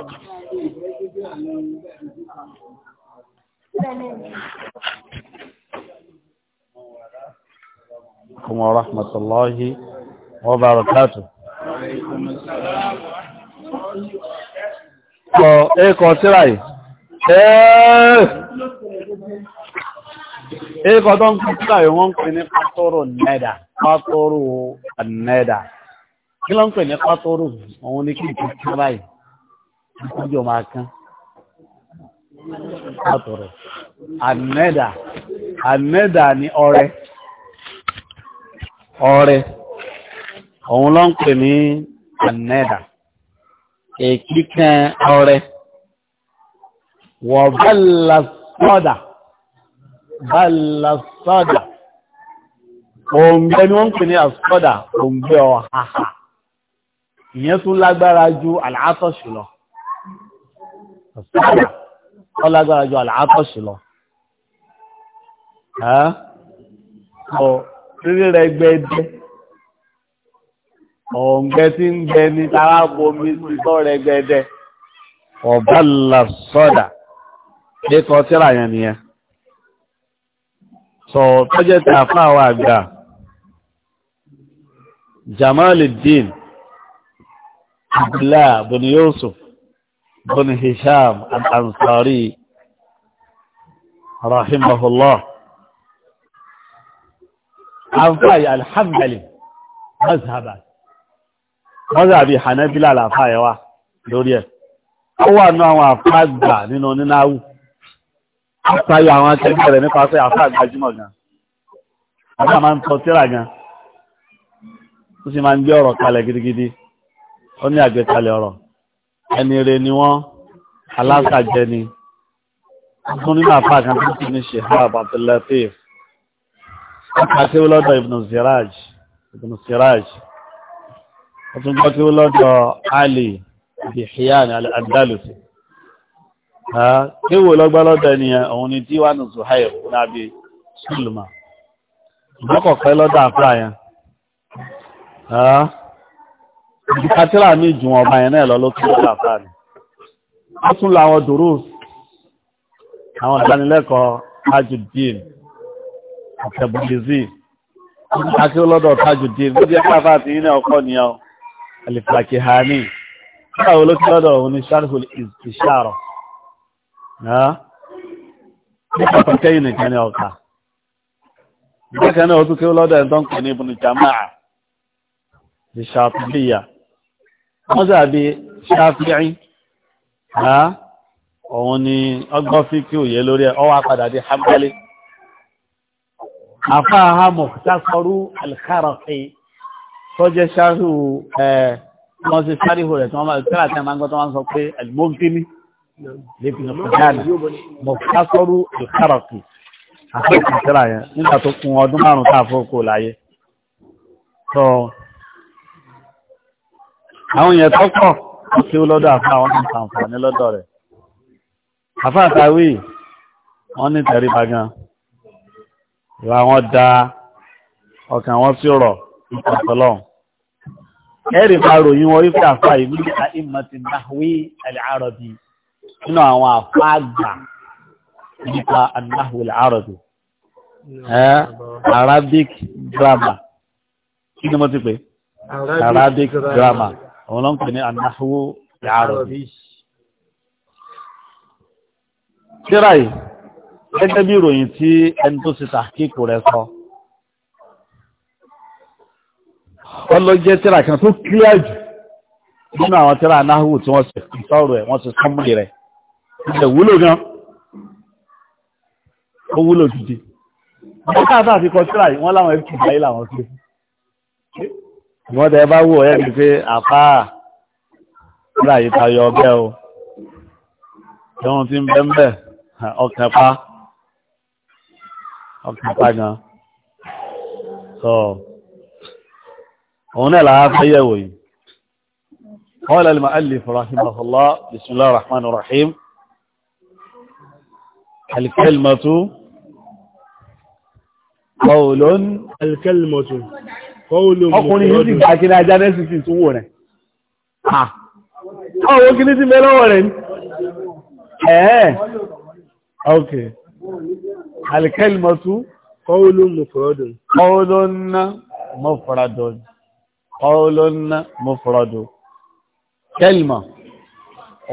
ورحمة الله وبركاته ẹ̀kọ́ السلام yìí ẹ̀kọ́ tó ń kọ́ tíra yìí wọ́n ń pè ní pàtọ́rọ̀ nẹ́dà pàtọ́rọ̀ nẹ́dà kí ló ń pè ní pàtọ́rọ̀ òun ní kí ìkọ́ tíra yìí ìtọ́jọ́ máa kán látọ̀rọ̀ ànẹ́dà ànẹ́dà ni ọrẹ ọrẹ òun ló ń pè ní ànẹ́dà èkíkẹ́ ọrẹ wọ̀ bẹ́lá sọ́dà bẹ́lá sọ́dà òǹgbẹ ni wọ́n ń pè ní àsọ́dà òǹgbẹ ọ̀hàhà ìyẹn tún lágbára ju àlàátọ̀ṣù lọ ọ̀sán ọlágbára ju àlàákọ̀ṣì lọ. ọ̀ rírí rẹ̀ gbẹ́dẹ́ ọ̀ǹgbẹ́ tí ń gbẹ ní tara bomi tọ́ rẹ̀ gbẹ́dẹ́ ọ̀bá là sọ́dà kíkọ tíra yẹn nìyẹn. sọ tọ́jẹ́ tí a fáwọn àgbà Jamaluddin Abdullah bin Yusuf بن هشام الأنصاري رحمه الله àǹfààyè alhambali mazhaba mazhabi hanabila àlàfààyè wa lórí ẹ̀ ó wà ní àwọn àfáàgbà nínú nínáwó àfáàyè àwọn akẹgbẹ́ rẹ̀ nípa pé àfáàgbà jùmọ̀ gan àbá máa ń tọ́ tíra gan ó sì máa ń gbé ọ̀rọ̀ kalẹ̀ gidigidi ó ní àgbékalẹ̀ ọ̀rọ̀ ẹni rẹ̀ ni wọ́n aláṣàjẹ́ ni tún nínú àpá kan tó ti ní Shihab Abdullatif àti olọ́dọ̀ Ibn Siraj Ibn Siraj ọtún gbọ́ tí olọ́dọ̀ Ali Bihyan al-Andalusi kéwò lọ́gbà lọ́dọ̀ ènìyàn òun ni díwánu Zuhair nàbí Sulma mọ́kọ̀ọ́kọ́ lọ́dọ̀ àfúrà yẹn ìdíkàtíra mi jù wọn ọba yẹn náà lọ lókè lọ́dọ̀ àfáà ni wọ́n tún lọ àwọn dòró àwọn ìdánilẹ́kọ̀ọ́ tajudeen àtẹ̀bùnìzì àti olọ́dọ̀ tajudeen bí ẹgbẹ́ àfáà ti yín ọkọ̀ nìyẹn o àlìfàkì hàní nígbà wo lókè lọ́dọ̀ òun ni sharhul ìṣàrọ̀ nípa pàtẹ́yìn nìkan ní ọkà bákan náà ó tún kí ó lọ́dọ̀ ẹ̀ tó ń pè mọ́sàbí ṣáfíì ha òun ni ọgbọ́n fíkí òye lórí ẹ̀ ọwá padà dé hanbali afáhà mọ̀tásọrú alkárọ̀kì tó jẹ́ ṣáhù ẹ̀ wọ́n sí sáríhù rẹ̀ tí wọ́n máa tẹ́lá tẹ́ máa ń gbọ́ tó wọ́n sọ pé almogdini lẹ́fìnà pẹ̀lú mọ̀tásọrú alkárọ̀kì àfẹ́kùn tẹ́lá yẹn nígbà tó kún ọdún márùn-ún káàfó kò láyé àwọn èèyàn tó pọ̀ kí ó lọ́dọ̀ àfa àwọn náà sàǹfààní lọ́dọ̀ rẹ̀ àfa àtàwí wọ́n ní tẹríba gan ìwà wọn da ọkàn wọn sí rọ̀ nípa tọ́lọ́hún ẹ̀rì máa ròyìn wọn wípé àfa ìlú nípa ìmọ̀ ti dáwé àlẹ́àrọ̀bì nínú àwọn àfa àgbà nípa àdáwé àlẹ́àrọ̀bì Arabic grammar kí ni mo ti pè Arabic grammar àwọn lọ́n pè ní anáhùwò yàrọ̀bí tíra yìí gẹ́gẹ́ bí ìròyìn tí ẹni tó ti tàkíkù rẹ̀ sọ wọ́n lọ jẹ́ tíra kan tó kílíà jù nínú àwọn tíra anáhùwò tí wọ́n sì sọ̀rọ̀ ẹ̀ wọ́n sì sọ́mùlì rẹ̀ ìṣẹ̀ wúlò gan ó wúlò gidi wọ́n káàtà àfikọ́ tíra yìí wọ́n láwọn fpc láyé làwọn fi wọ́n tẹ bá wò ẹ́ rí pé àpá rà yìí tayọ ọbẹ̀ o ẹ̀wọ̀n ti ń bẹ́ ń bẹ̀ ọkàn pa ọkàn pa gan so òun náà làá fẹ́ yẹ̀wò yìí قال المؤلف رحمه الله بسم الله الرحمن الرحيم الكلمة قول الكلمة ọkùnrin yìí ti gbà kí ní ajá nẹ́sìtì tó wò rẹ̀ ọwọ́ kí ní ti mẹ́lọ́wọ́ rẹ̀ ní ẹ̀ẹ́ ok alikalimatu qawlun mufradun qawlun mufradun qawlun mufradun kẹlìmà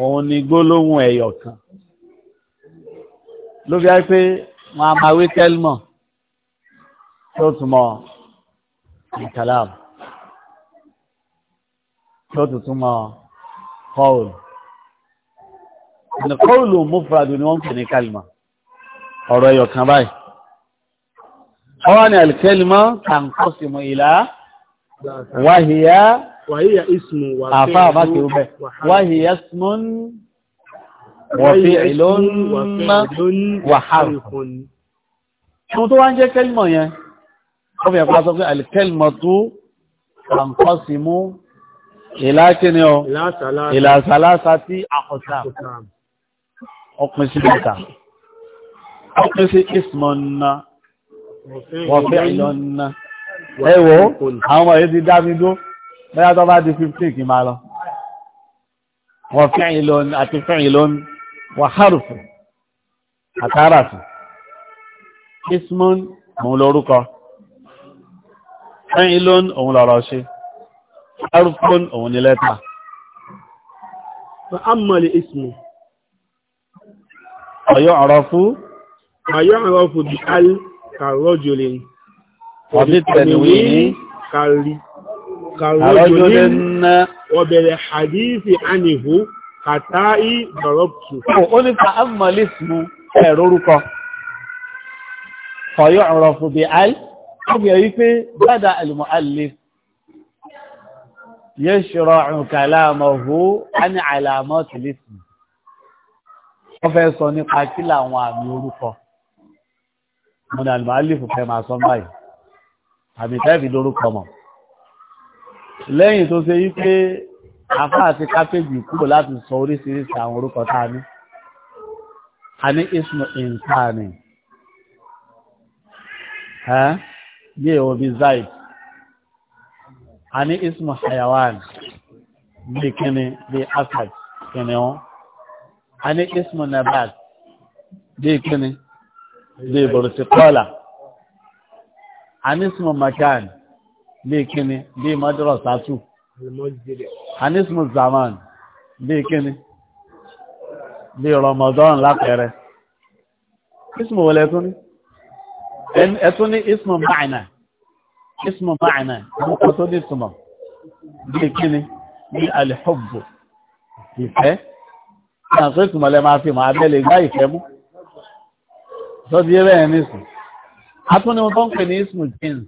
òun ni gbólóhùn ẹ̀yọ̀ kan ló fi á pé wọn a máa wí kẹlìmà tó túnmọ̀ kalam tó tuntun mọ́ kọ́ọ̀lù kọ́ọ̀lù mufradu ni wọ́n pè ní kalima ọ̀rọ̀ ẹyọ kan báyìí ọwọ́ ni alkalima tanqasimu ila wáhíyá àfá àbákẹ̀ rúbẹ̀ wáhíyá ismun wa fi'lun wa harfun tó tó wá ń jẹ́ kalima yẹn ó fi ẹ̀kọ́ sọ pé alikẹ́lmọ̀tú àǹfọ́símú ìlàkíní ọ ìlàsàlásà tí àkọsà ọkùn sí mẹ́ta ọkùn sí ismọ̀nà wọ̀fẹ́ ìlọ́nà ẹwọ́ àwọn èyí ti dámidó bẹ́yà tó bá di 15 kí máa lọ wọ̀fẹ́ ìlọ́nà àti fẹ́ ìlọ́nà wàhálùfẹ́ àtàràfẹ́ ismọ̀n mọ̀ lórúkọ fẹ́ìlón òun lọ́rọ̀ ṣe arúfún òun ni lẹ́ta fa'ammali ismu ọ̀yọ́ ọ̀rọ̀ fún ọ̀yọ́ ọ̀rọ̀ fún bí al kàrọ́jùlín ọ̀bí tẹ̀lúwí kàrọ́jùlín ọ̀bẹ̀rẹ̀ hadithi anihu kàtàí dọ̀rọ̀pù ó ní fa'ammali ismu ẹ̀rọ orúkọ ọgbẹ̀ yìí pé bada al-mu'allif yashra'u kalamahu an alamatil ism wọ́n fẹ́ sọ nípa kí làwọn àmì orúkọ mo ní al-mu'allif fẹ́ máa sọ báyìí àmì tẹ́ẹ̀fì lórúkọ mọ̀ lẹ́yìn tó ṣe yí pé afá àti kápẹ́jì kúrò láti sọ oríṣiríṣi àwọn orúkọ tá a ní a ní ismu insani ẹ́ yíò bí zaid a ní ismu hayawan bí kíni bí asad kíni wọn a ní ismu nabat bí kíni bí burtikola a ní ismu makan bí kíni bí madrasatu a ismu zaman bí kíni bí ramadan lápẹẹrẹ ismu wọlé tún ẹ̀tún ní ismọ̀ máàna ismọ̀ máàna ọkọ̀ tó ní ismọ̀ bí kíni ní alìhọ́bù ìfẹ́ náà tó ìtumọ̀ lẹ máa fi máa bẹ́lẹ̀ gbá ìfẹ́ mú tó di ẹrẹ́ ẹni sùn a tún ní wọ́n pè ní ismọ̀ jins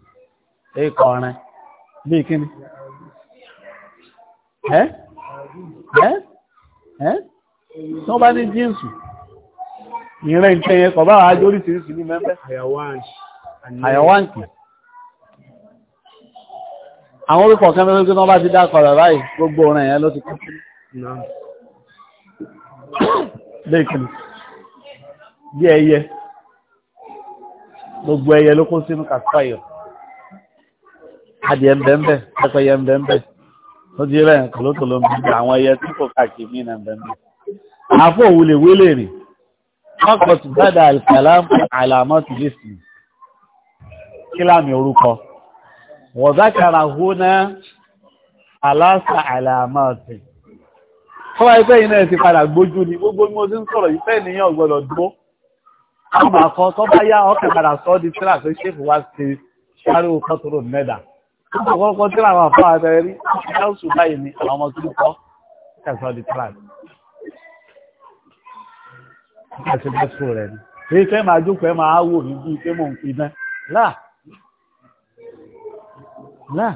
ẹ̀kọ́ ọ̀rẹ́ bí kíni ẹ́ ẹ́ ẹ́ tí wọ́n ìrìn ìtẹ́ yẹn kọ̀bá àájò oríṣiríṣi ní mẹ́fẹ́ àyàwáǹkì àwọn orí kọ̀ọ̀kan mẹ́rin tí wọ́n bá ti dákọ̀ rẹ̀ báyìí gbogbo ọ̀rẹ́ yẹn ló ti kọ́ lẹ́kìlì bí ẹyẹ gbogbo ẹyẹ ló kó sínú kàtàyọ̀ adìẹ mbẹ̀mbẹ̀ pẹ́pẹ́yẹ mbẹ̀mbẹ̀ ó di rẹ̀ kòlótòló mbẹ̀mbẹ̀ àwọn ẹyẹ tí kò kàkì mí nà mbẹ̀mbẹ̀ àfọ̀ òwúlẹ̀ wélè rìn Ọkọ̀tù bẹ́dà alkalam alamọ́tù jésù. Kílámi orúkọ. Wọ̀zákàrà hú náà aláṣà alamọ́tù. Kọ́wà ipẹ́ iná ti padà gbójú ni gbogbo mọ́ sí ń sọ̀rọ̀ ìfẹ́ ènìyàn ọgbọ̀dọ̀ dúró. Àwọn àkọ́ tó bá yá ọkẹ̀ padà sọ́ di tíra pé ṣéfù wá sí ṣáré òkọ́ tó rò mẹ́dà. Ó kọ̀kọ́ tíra àwọn àfọ́ àbẹ̀rẹ̀ rí, ó ṣe ká àti bẹ́sù rẹ̀ ni èyí kẹ́ máa jókòó ẹ máa wò ní bí pé mò ń fi náà láà láà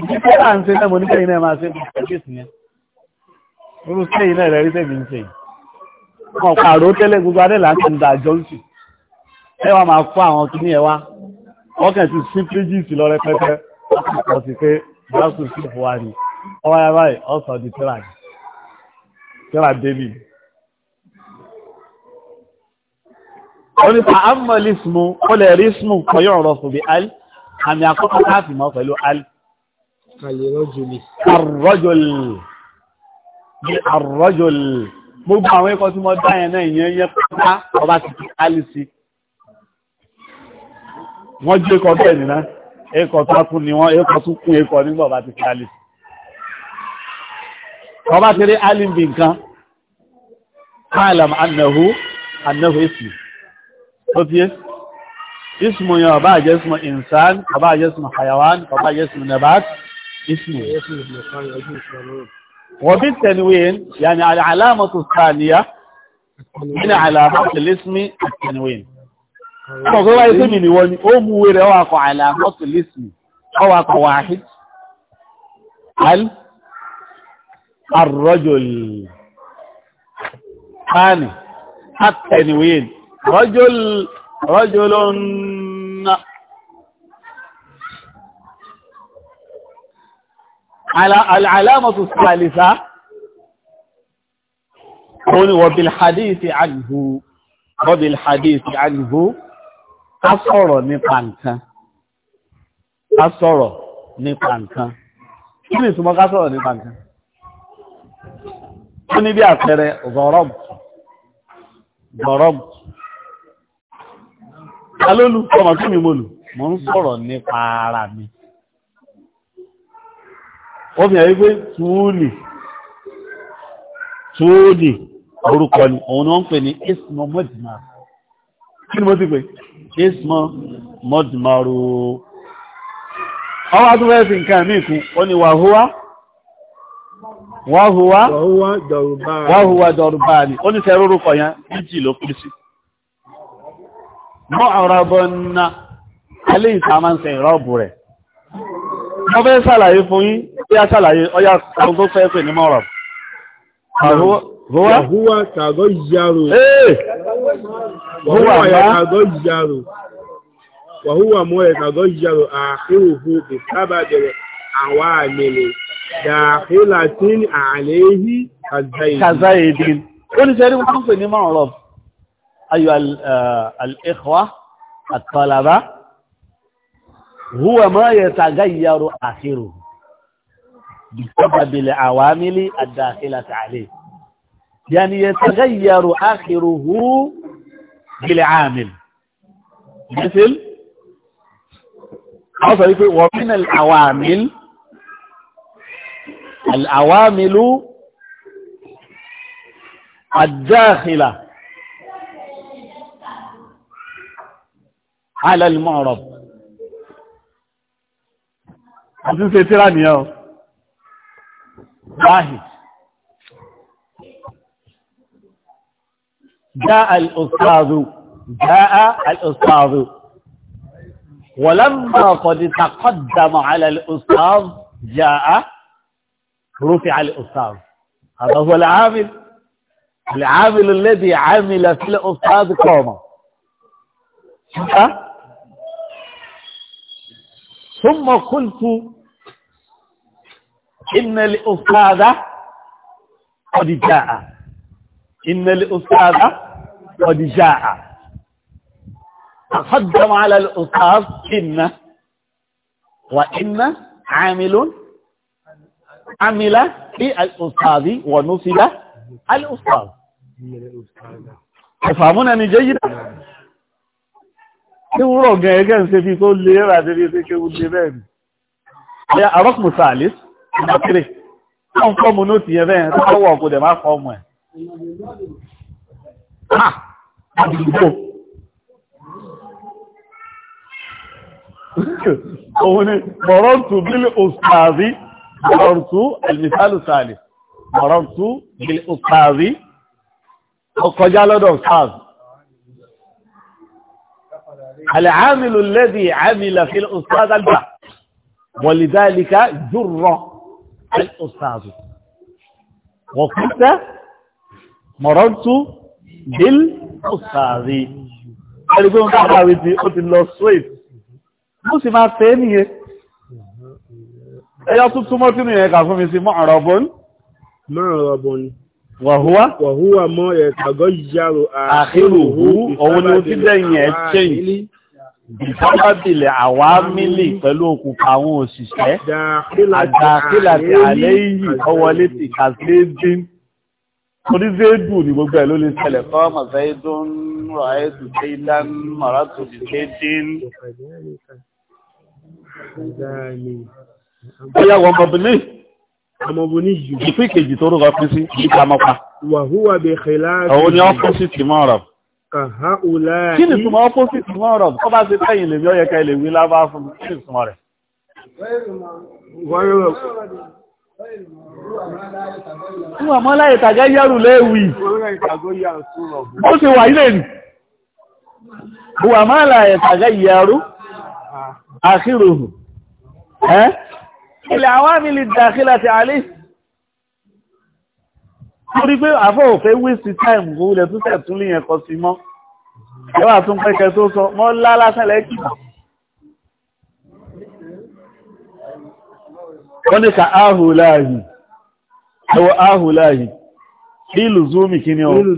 ìdíkọ́ là ń ṣe náà mo ní kẹ́yìn náà máa ṣe ní ìpàdésì yẹn irú sẹ́yìn náà rẹ̀ rí tẹ̀mí ń ṣe wọn pààrọ̀ tẹ́lẹ̀ gbogbo adé là ń tẹ̀ ń da jọ́ǹsì ẹ wá máa kó àwọn kìíní ẹ wá ọkàn ti sí péjìsì lọ rẹpẹtẹ wọ́n sì pé jọ́sùn sí ìfowárì ọwọ́ ẹ báyìí ọ̀sán di tẹ́lá tẹ́lá David ó ní fàámọ̀lì ismu ó lè rí ismu kọyọ̀ ọ̀rọ̀ fún bí al àmì àkọ́kọ́ káàfì mọ́ pẹ̀lú al arrọ́jọ̀lì gbogbo àwọn ikọ̀ tí mo dá yẹn náà ìyẹn yẹn pátá ọba ti fi alisi wọ́n jí ikọ̀ bẹ́ẹ̀ nìna ikọ̀ tó kún ni wọ́n ikọ̀ tó kún ikọ̀ nígbà ọba ti fi alisi ọba ti rí alimbi nǹkan káàlàm annahu annahu ismi tó fi ismu yẹn ọba àjẹ́ ismu insan ọba àjẹ́ ismu hayawan ọba àjẹ́ ismu nabat ismu wọ́n bí tẹniwín yàní alámọ̀tò sáàníyà nínú alámọ̀tò lẹ́sìmí tẹniwín ọkọ̀ wáyé sí mi nìwọ́n ni ó mú wẹ́rẹ̀ ọwàkọ̀ alámọ̀tò رجل رجل على العلامة الثالثة قل وبالحديث عنه وبالحديث عنه أصر نقانك أصر نقانك kí ni ìtumọ̀ ká sọ̀rọ̀ nípa nǹkan ó ní bí àpẹẹrẹ zọ̀rọ̀bù zọ̀rọ̀bù alólù ọmọ kí mi mo lù mo ń sọ̀rọ̀ nípa ara mi ó fi hàn wípé túùlì túùlì orúkọ ni òun ni wọ́n ń pè ní ismo mọ́dìmáà kí ni mo ti pè ismo mọ́dìmáà roo ọwá tó fẹ́ fi nǹkan mí kú ó ní wàhúwá wàhúwá dọ̀rùbáà ni ó ní sẹ́rú orúkọ yẹn méjì ló kú sí mọ́ ọ̀rọ̀ bọ́nà alé ìsàmà ń sẹ ìrọ́bù rẹ̀ wọ́n fẹ́ sàlàyé fún yín tí a sàlàyé ọya kan tó fẹ́ pè ní mọ́rọ̀ Húwá kàgọ́ ìyàrò. Húwá kàgọ́ ìyàrò. Wàhúwà mọ́ ẹ̀ kàgọ́ ìyàrò àhíhùhù ìsábàbẹ̀rẹ̀ àwà àmìlẹ̀ dàhílà tí àléhì kàzáìdín. Ó ní sẹ́rí wọ́n pè ní mọ́rọ̀. أيها آه، الإخوة الطلبة هو ما يتغير آخره بسبب العوامل الداخلة عليه يعني يتغير آخره بالعامل مثل ومن العوامل العوامل الداخلة على المعرض عزيز ṣe يا nìyàn جاء الأستاذ جاء الأستاذ ولما قد تقدم على الأستاذ جاء رفع الأستاذ هذا هو العامل العامل الذي عمل في الأستاذ كوما ثم قلت إن الأستاذ قد جاء إن الأستاذ قد جاء تقدم على الأستاذ إن وإن عامل عمل في الأستاذ ونصب الأستاذ تفهمونني جيدا tí wúrọ̀ gan ẹgẹ́ ń ṣe fi tó lè rà débi tí ṣe wúlé bẹ́ẹ̀ ni ẹ̀yà àrọ́pù sàálẹ́ ìmọ̀kiri wọ́n fọ́ọ̀mù ní òtì yẹn bẹ́ẹ̀ tó wọ̀ kò dẹ̀ má fọ́ọ̀mù ẹ̀ àdìgbò ni mọ̀rọ̀ntù bílí òsàrí lọ́dọ̀ sàálẹ́ العامل الذي عمل في الأستاذ البحث ولذلك جر الأستاذ وقلت مررت بالأستاذ ẹgbẹ́gbẹ́ káàkiri àwọn ti ó ti lọ straight mú sí máa tẹ́ nìyẹn ẹyọ tó túnmọ́ tí nìyẹn kà fún mi sí mọ́ọ̀rọ̀bọ́n mọ́ọ̀rọ̀bọ́n wàhúwá wàhúwà mọ́ ẹ̀kàgọ́ yàrò àkírùhú òun ni ó ti dẹ̀yìn ẹ̀ change bìtọ́lábìlẹ̀ àwámílì pẹ̀lú òkùnkà àwọn òṣìṣẹ́ àdàkílàtì àlẹ́ yìí ọwọlé ti kàzédín oríṣẹ́dù ní gbogbo ẹ̀ ló lè ṣẹlẹ̀ kọ́ mọ̀sáídún rọ̀ẹ́dù tẹ́lán mọ̀rátù kàzédín bóyá wọn mọ̀bìnì ọmọbìnì yìí ìpín kejì tó rọ̀ pín sí ìpamọ́pa wàhúwà bẹ̀ẹ̀kẹ̀ láàrín kí ni túnmọ̀ opposite mọ́ ọ̀rọ̀ tó bá ti tẹ́yìn lè bí ọyẹ ká ilé wí lábá fún mi kí ni túnmọ̀ rẹ̀ fún láyé tàgẹ́ yẹ́rù léèwì ó ti wà ilé nì fún àmọ́ láyé tàgẹ́ yẹ́rù àkírò ẹ́ ilẹ̀ àwọn àmì lè dàkílẹ̀ ti àlè torí pé àfọ́ òfẹ́ wíṣì táìmù kó wulẹ̀ tún tẹ̀tún lè yẹn kọ sí mọ́ ẹwà tún pẹ́kẹ́ tó sọ mọ́ lálásẹ̀lẹ̀ kìbà wọ́n ní ka áhùláàhì ẹwọ áhùláàhì ìlú zoomi kí ni ọ ìlú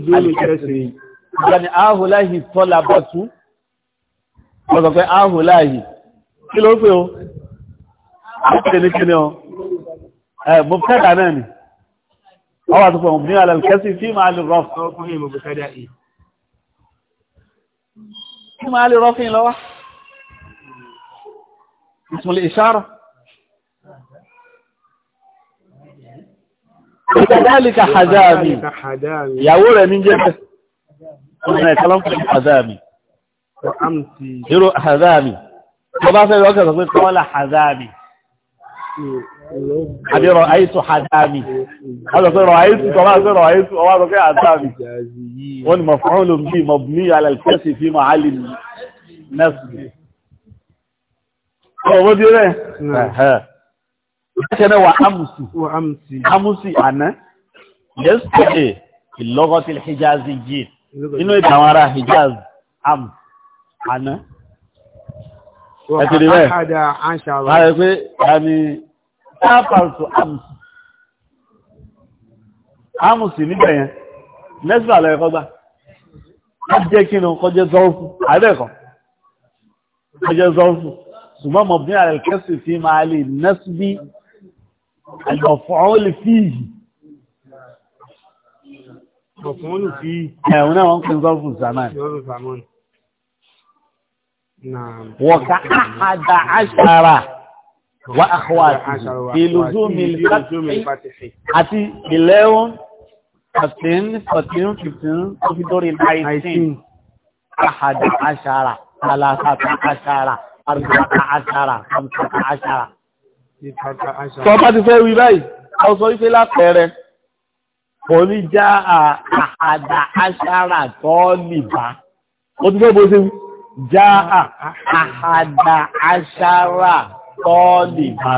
áhùláàhì tọ́lá bá tú wọ́n sọ pé áhùláàhì kí ló pé o أو هتبقى مبنية على الكسر في معال الرفع أو فهم بخدائي في معال الرفع لو اسم الإشارة كذلك حزامي يا ورا من جهة كنا كلام في حزامي وامسي جرو حزامي فبعد الوقت تقول قال حزامي إيه. àbí rọ àìsù àdáàmì ọlọ́pẹ́ rọ àìsù tó máa sọ́rọ̀ àìsù ọwá sọ pé àdáàmì wọ́n ni mọ̀fún ló ń bí mọ̀bùnmí alẹ́kẹ́sì fi mọ̀ alì nẹ́sì ọwọ́ bí rẹ̀ ṣẹ́nẹ̀ wà ámùsì ámùsì àná yẹ́sùkẹ́ ìlọ́gọ́tí hijazi yìí inú ìdá àwọn ará hijaz am àná ẹ̀tìrì rẹ̀ káfàǹsù àmùsù àmùsù níbẹ̀ yẹn nẹ́sìbà lọ ẹ̀kọ́ gbà á kí ni kọjẹ́ zọ́ọ̀fù àbẹ́ẹ̀kọ́ kọjẹ́ zọ́ọ̀fù ṣùgbọ́n mọ̀ bí ààrẹ kẹsì fi máa lè nẹ́sìbí àjọ̀fọ́n lè lè fi yìí ẹ̀hùn náà wọ́n wà àkọwàtì ìlúzúmi ìfàtìfì àti 11 13 14 15 tó fi dórí 19 àhàdà àṣàrà àlàsàtà àṣàrà àrùsàtà àṣàrà àmsàtà àṣàrà tó bá ti fẹ́ wí báyìí ọ̀sọ̀ ìfẹ́ látẹ̀ẹ̀rẹ̀ orí já àhàdà àṣàrà tó nìbá ó ti fẹ́ bó ṣe já àhàdà àṣàrà tọ́ọ̀lì bá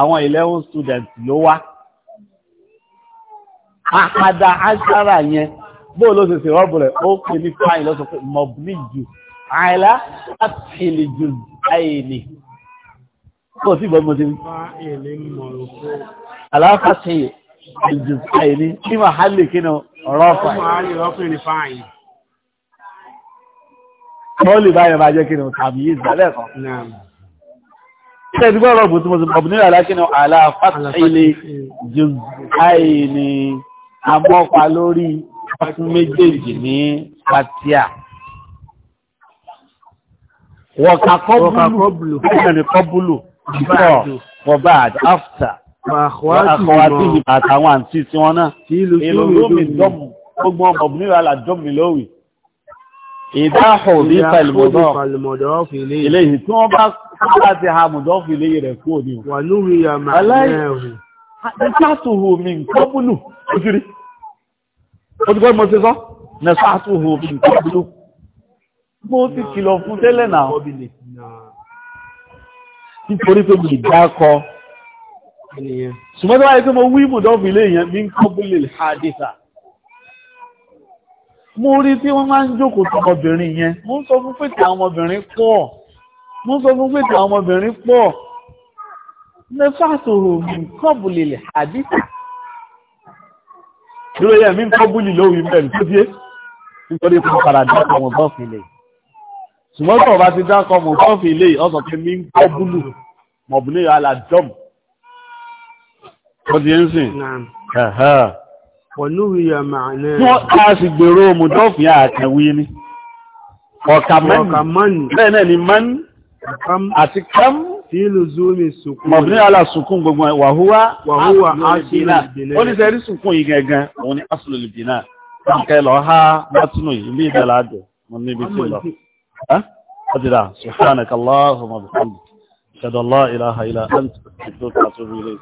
àwọn eleven students ló wá àkàdà aṣára yẹn bóò ló ṣe ṣèrọ́bù rẹ̀ ó pè ní fáìn lọ́sọ pé mọ̀bílì jù àìlá àtìlì jù àìlè kò sí ìbọn mọ̀sí aláfàṣẹyẹ jù àìlè ní màhálì kínú rọ́fà Bọ́ọ̀lì báyẹ̀ máa jẹ́ kí ni tàbí ìzẹ̀lẹ̀ kan ṣe ti gbọ́rọ̀ bù tí mo ti bọ̀bù nílẹ̀ alákínà aláfàtílé jùzáì ni amọ́pa lórí fún méjèèjì ní fatia wọ̀ká kọ́bùlù ẹ̀yẹ̀ni kọ́bùlù before for bad after àkọwàtíhì àtàwọn àǹtí tí wọ́n náà ìlú lómi dọ́mù gbogbo bọ̀bù nílẹ̀ alájọ́mù lórí ìdáhùn ní pẹ̀lú mọ́dọ́ ilé yìí tí wọ́n bá láti ha mùdọ́fì léyìn rẹ̀ kú òní wà lórí àmà ẹ̀rù nẹ́sàtùhù mi nkọ́bùlù ojúrí o ti kọ́ ìmọ̀ sí sọ́ nẹ́sàtùhù mi nkọ́bùlù bó ti kìlọ̀ fún tẹ́lẹ̀ náà nítorí pé mi dákọ ṣùgbọ́n tó wáyé pé mo wí mùdọ́fì léyìn mi nkọ́bùlù hadisa mo rí tí wọ́n máa ń jókòó ọmọbìnrin yẹn mo ń sọ fún pé tí àwọn ọmọbìnrin pọ̀ mo sọ fún pé àwọn ọmọbìnrin pọ̀ mẹ́fà sòrò mi kọ́bùlì lè àdíkà dúró yẹ mí kọ́bùlì lówí mẹ́rin tó díé nítorí fún padà dákọ̀ mọ̀ bọ́ọ̀fì lè ṣùgbọ́n tó bá ti dákọ̀ mọ̀ bọ́ọ̀fì lè ọ̀sán pé mí kọ́bùlù mọ̀bùnú yọ aládọ́m ó ti ń sìn pọ̀lú ìyà màá náà wọ́n ká sì gbèrò mọ̀dọ́fì àtẹ̀wé ni ọ̀kà mọ́nì bẹ́ẹ̀ náà ni mọ́nì àti kam tí lùzúmi sùkún mọ̀bìnrin ala sùkún gbogbo wàhúwá wàhúwà asùlùlùbìnà ó ní sẹ́rí sùkún yìí gẹ̀gẹ̀ òun ni asùlùlùbìnà kẹ́ lọ ha látúnú yìí ní ìbẹ̀lá àjọ mo níbi tí lọ ọdìdà subhanakallahumma bihamdik shadallah ilaha illa anta astaghfiruka wa atubu ilayk